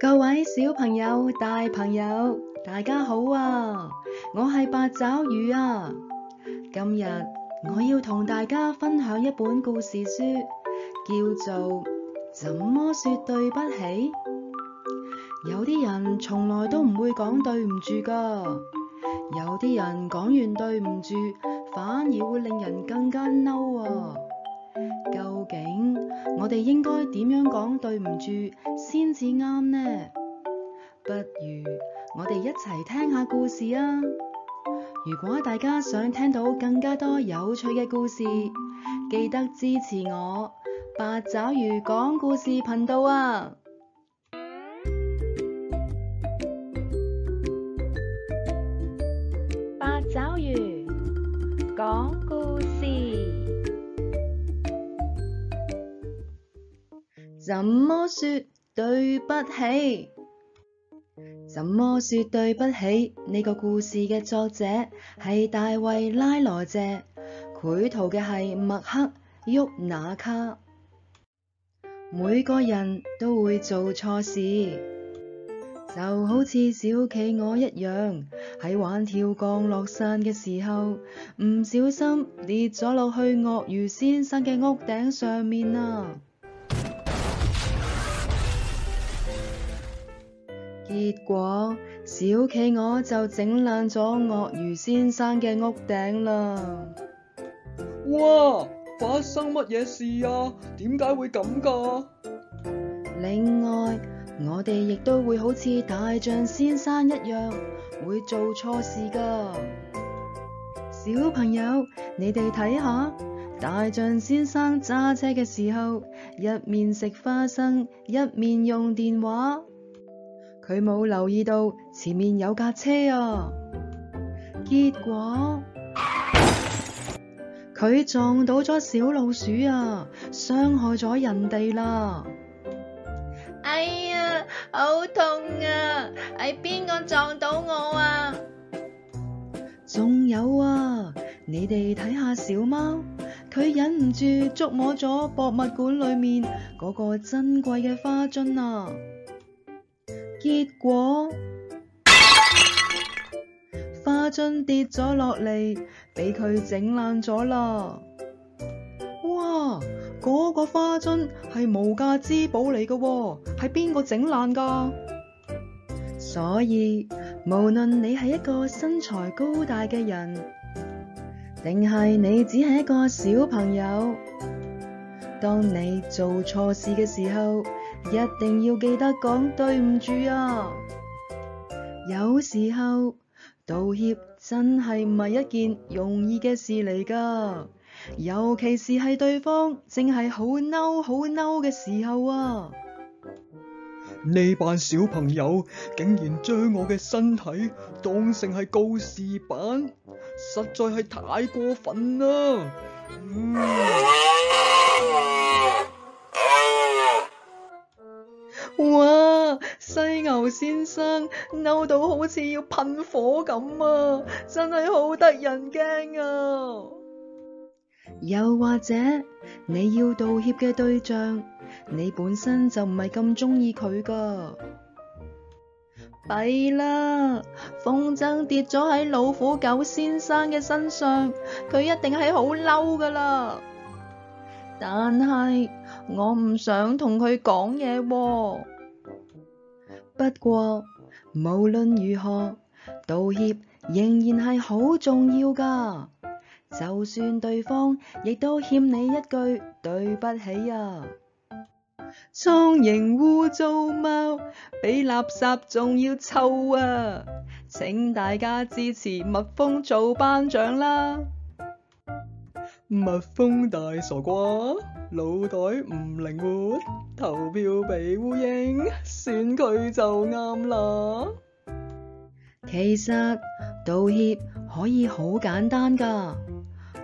各位小朋友、大朋友，大家好啊！我係八爪魚啊！今日我要同大家分享一本故事書，叫做《怎麼說對不起》。有啲人從來都唔會講對唔住噶，有啲人講完對唔住，反而會令人更加嬲啊！我哋應該點樣講對唔住先至啱呢？不如我哋一齊聽下故事啊！如果大家想聽到更加多有趣嘅故事，記得支持我八爪魚講故事頻道啊！八爪魚講故事。怎麼說對不起？怎麼說對不起？呢個故事嘅作者係大衛拉羅謝，繪圖嘅係麥克沃那卡。每個人都會做錯事，就好似小企鵝一樣，喺玩跳降落傘嘅時候唔小心跌咗落去鱷魚先生嘅屋頂上面啊。結果小企鵝就整爛咗鱷魚先生嘅屋頂啦！哇，發生乜嘢事啊？點解會咁㗎？另外，我哋亦都會好似大象先生一樣，會做錯事㗎。小朋友，你哋睇下，大象先生揸車嘅時候，一面食花生，一面用電話。佢冇留意到前面有架車啊，結果佢 撞到咗小老鼠啊，傷害咗人哋啦！哎呀，好痛啊！係邊個撞到我啊？仲有啊，你哋睇下小貓，佢忍唔住捉摸咗博物館裏面嗰個珍貴嘅花樽啊！結果花樽跌咗落嚟，俾佢整爛咗啦！哇，嗰個花樽係無價之寶嚟噶，係邊個整爛噶？所以，無論你係一個身材高大嘅人，定係你只係一個小朋友，當你做錯事嘅時候。一定要記得講對唔住啊！有時候道歉真係唔係一件容易嘅事嚟㗎，尤其是係對方正係好嬲好嬲嘅時候啊！呢班小朋友竟然將我嘅身體當成係告示板，實在係太過分啦！嗯先生嬲到好似要噴火咁啊，真係好得人驚啊！又或者你要道歉嘅對象，你本身就唔係咁中意佢噶。弊啦，風箏跌咗喺老虎狗先生嘅身上，佢一定係好嬲噶啦。但係我唔想同佢講嘢。不過無論如何，道歉仍然係好重要㗎。就算對方亦都欠你一句對不起呀、啊。蒼蠅污糟貓，比垃圾仲要臭啊！請大家支持蜜蜂做班長啦。蜜蜂大傻瓜。腦袋唔靈活，投票俾烏蠅，選佢就啱啦。其實道歉可以好簡單噶，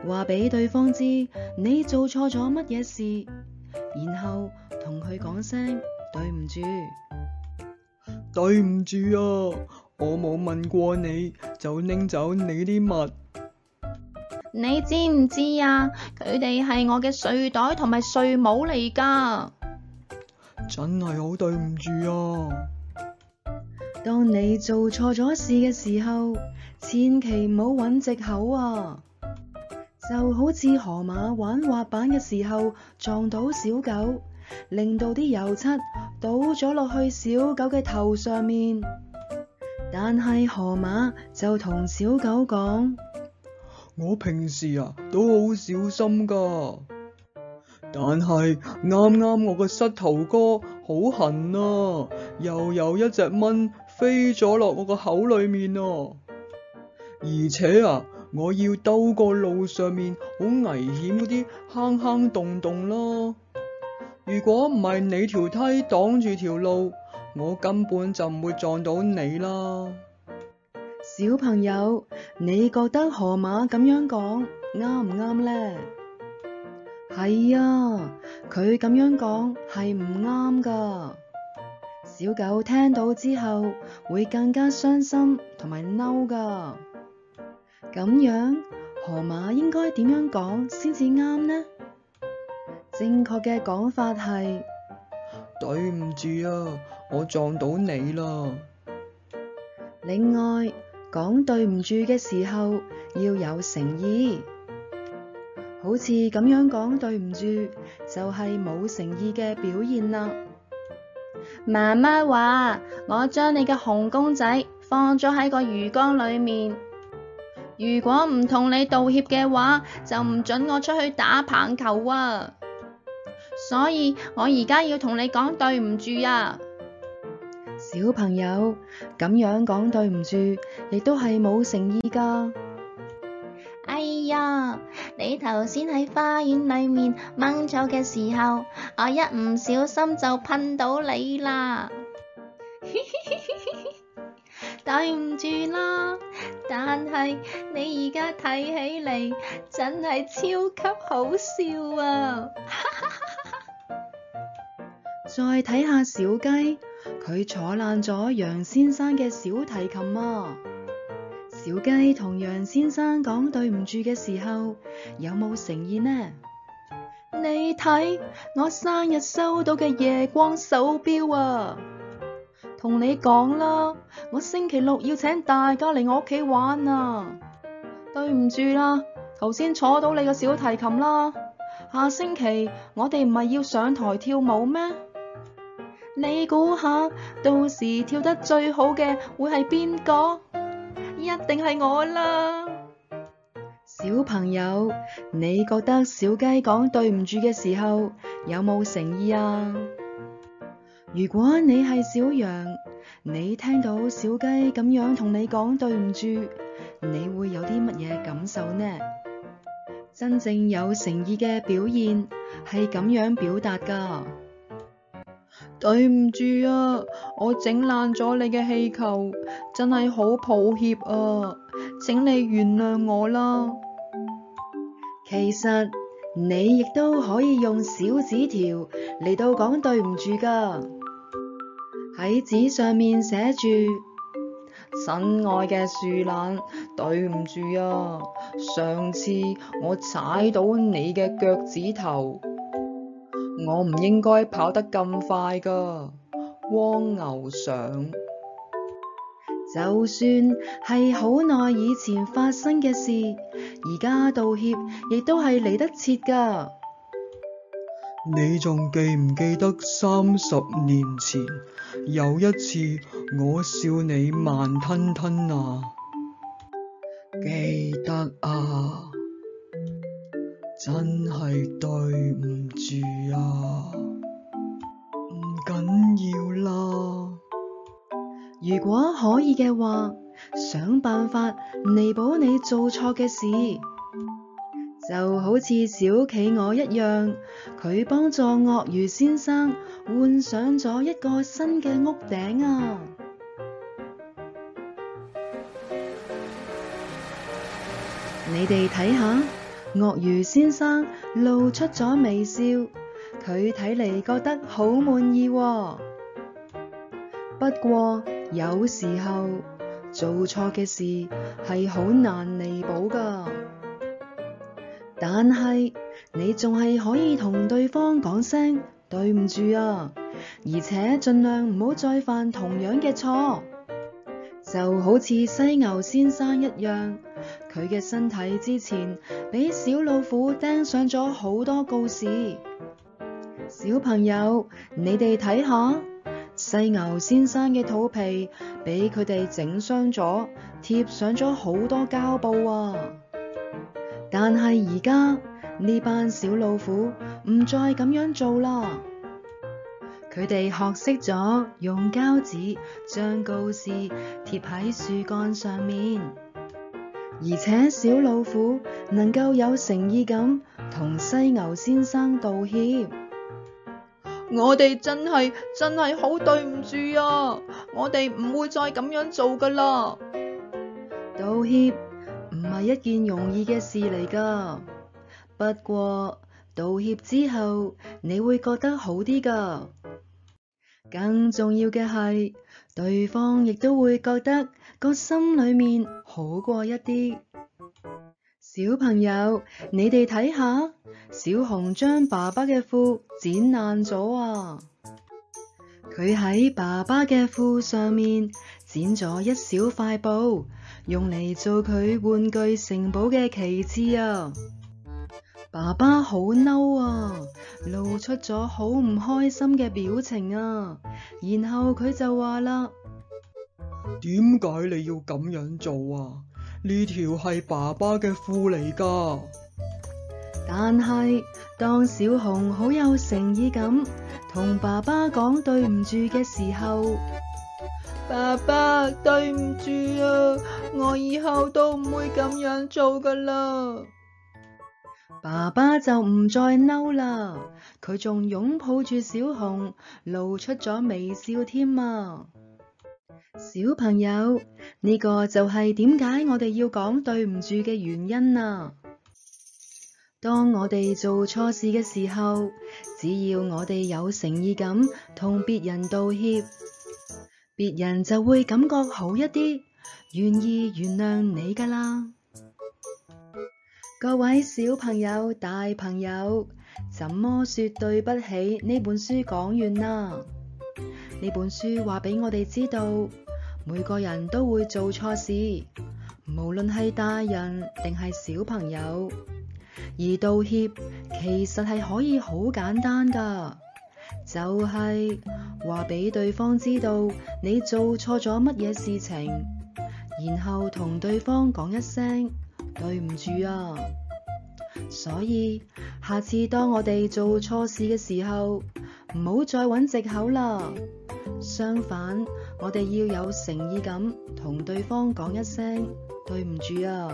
話俾對方知你做錯咗乜嘢事，然後同佢講聲對唔住。對唔住啊！我冇問過你，就拎走你啲物。你知唔知啊？佢哋係我嘅睡袋同埋睡帽嚟㗎。真係好對唔住啊！當你做錯咗事嘅時候，千祈唔好揾借口啊！就好似河馬玩滑板嘅時候撞到小狗，令到啲油漆倒咗落去小狗嘅頭上面，但係河馬就同小狗講。我平時啊都好小心噶，但係啱啱我個膝頭哥好痕啊，又有一隻蚊飛咗落我個口裏面啊，而且啊，我要兜個路上面好危險嗰啲坑坑洞洞啦。如果唔係你條梯擋住條路，我根本就唔會撞到你啦。小朋友，你覺得河馬咁樣講啱唔啱呢？係啊，佢咁樣講係唔啱噶。小狗聽到之後會更加傷心同埋嬲噶。咁樣，河馬應該點樣講先至啱呢？正確嘅講法係：對唔住啊，我撞到你啦。另外。講對唔住嘅時候要有誠意，好似咁樣講對唔住就係冇誠意嘅表現啦。媽媽話：我將你嘅熊公仔放咗喺個魚缸裏面，如果唔同你道歉嘅話，就唔准我出去打棒球啊！所以我而家要同你講對唔住啊！小朋友咁樣講對唔住，亦都係冇誠意噶。哎呀，你頭先喺花園裏面掹咗嘅時候，我一唔小心就噴到你啦。 對唔住啦，但係你而家睇起嚟，真係超級好笑啊！哈哈！再睇下小雞。佢坐爛咗楊先生嘅小提琴啊！小雞同楊先生講對唔住嘅時候，有冇誠意呢？你睇，我生日收到嘅夜光手錶啊！同你講啦，我星期六要請大家嚟我屋企玩啊！對唔住啦，頭先坐到你個小提琴啦。下星期我哋唔係要上台跳舞咩？你估下，到時跳得最好嘅會係邊個？一定係我啦！小朋友，你覺得小雞講對唔住嘅時候，有冇誠意啊？如果你係小羊，你聽到小雞咁樣同你講對唔住，你會有啲乜嘢感受呢？真正有誠意嘅表現係咁樣表達㗎。對唔住啊，我整爛咗你嘅氣球，真係好抱歉啊，請你原諒我啦。其實你亦都可以用小紙條嚟到講對唔住㗎，喺紙上面寫住：親愛嘅樹懶，對唔住啊，上次我踩到你嘅腳趾頭。我唔應該跑得咁快㗎，蝸牛上。就算係好耐以前發生嘅事，而家道歉亦都係嚟得切㗎。你仲記唔記得三十年前有一次我笑你慢吞吞啊？記得啊。真係對唔住啊，唔緊要啦。如果可以嘅話，想辦法彌補你做錯嘅事，就好似小企鵝一樣，佢幫助鱷魚先生換上咗一個新嘅屋頂啊。你哋睇下。鱷魚先生露出咗微笑，佢睇嚟覺得好滿意喎。不過有時候做錯嘅事係好難彌補噶，但係你仲係可以同對方講聲對唔住啊，而且盡量唔好再犯同樣嘅錯。就好似犀牛先生一樣。佢嘅身體之前俾小老虎釘上咗好多告示，小朋友，你哋睇下，犀牛先生嘅肚皮俾佢哋整傷咗，貼上咗好多膠布啊！但係而家呢班小老虎唔再咁樣做啦，佢哋學識咗用膠紙將告示貼喺樹幹上面。而且小老虎能夠有誠意咁同犀牛先生道歉，我哋真係真係好對唔住啊！我哋唔會再咁樣做噶啦。道歉唔係一件容易嘅事嚟噶，不過道歉之後你會覺得好啲噶。更重要嘅係。對方亦都會覺得個心裡面好過一啲。小朋友，你哋睇下，小紅將爸爸嘅褲剪爛咗啊！佢喺爸爸嘅褲上面剪咗一小塊布，用嚟做佢玩具城堡嘅旗幟啊！爸爸好嬲啊，露出咗好唔開心嘅表情啊，然後佢就話啦：點解你要咁樣做啊？呢條係爸爸嘅褲嚟噶。但係當小紅好有誠意咁同爸爸講對唔住嘅時候，爸爸對唔住啊，我以後都唔會咁樣做噶啦。爸爸就唔再嬲啦，佢仲擁抱住小熊，露出咗微笑添啊！小朋友，呢個就係點解我哋要講對唔住嘅原因啊！當我哋做錯事嘅時候，只要我哋有誠意咁同別人道歉，別人就會感覺好一啲，願意原諒你噶啦。各位小朋友、大朋友，怎麼說對不起？呢本書講完啦。呢本書話俾我哋知道，每個人都會做錯事，無論係大人定係小朋友。而道歉其實係可以好簡單噶，就係話俾對方知道你做錯咗乜嘢事情，然後同對方講一聲。對唔住啊，所以下次當我哋做錯事嘅時候，唔好再揾藉口啦。相反，我哋要有誠意咁同對方講一聲對唔住啊。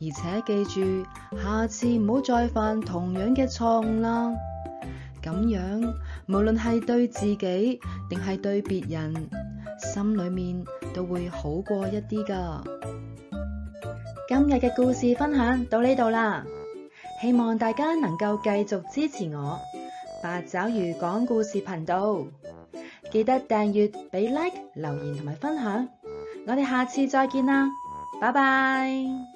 而且記住，下次唔好再犯同樣嘅錯誤啦。咁樣，無論係對自己定係對別人，心裏面都會好過一啲㗎。今日嘅故事分享到呢度啦，希望大家能夠繼續支持我，八爪魚講故事頻道，記得訂閱、俾 like、留言同埋分享，我哋下次再見啦，拜拜。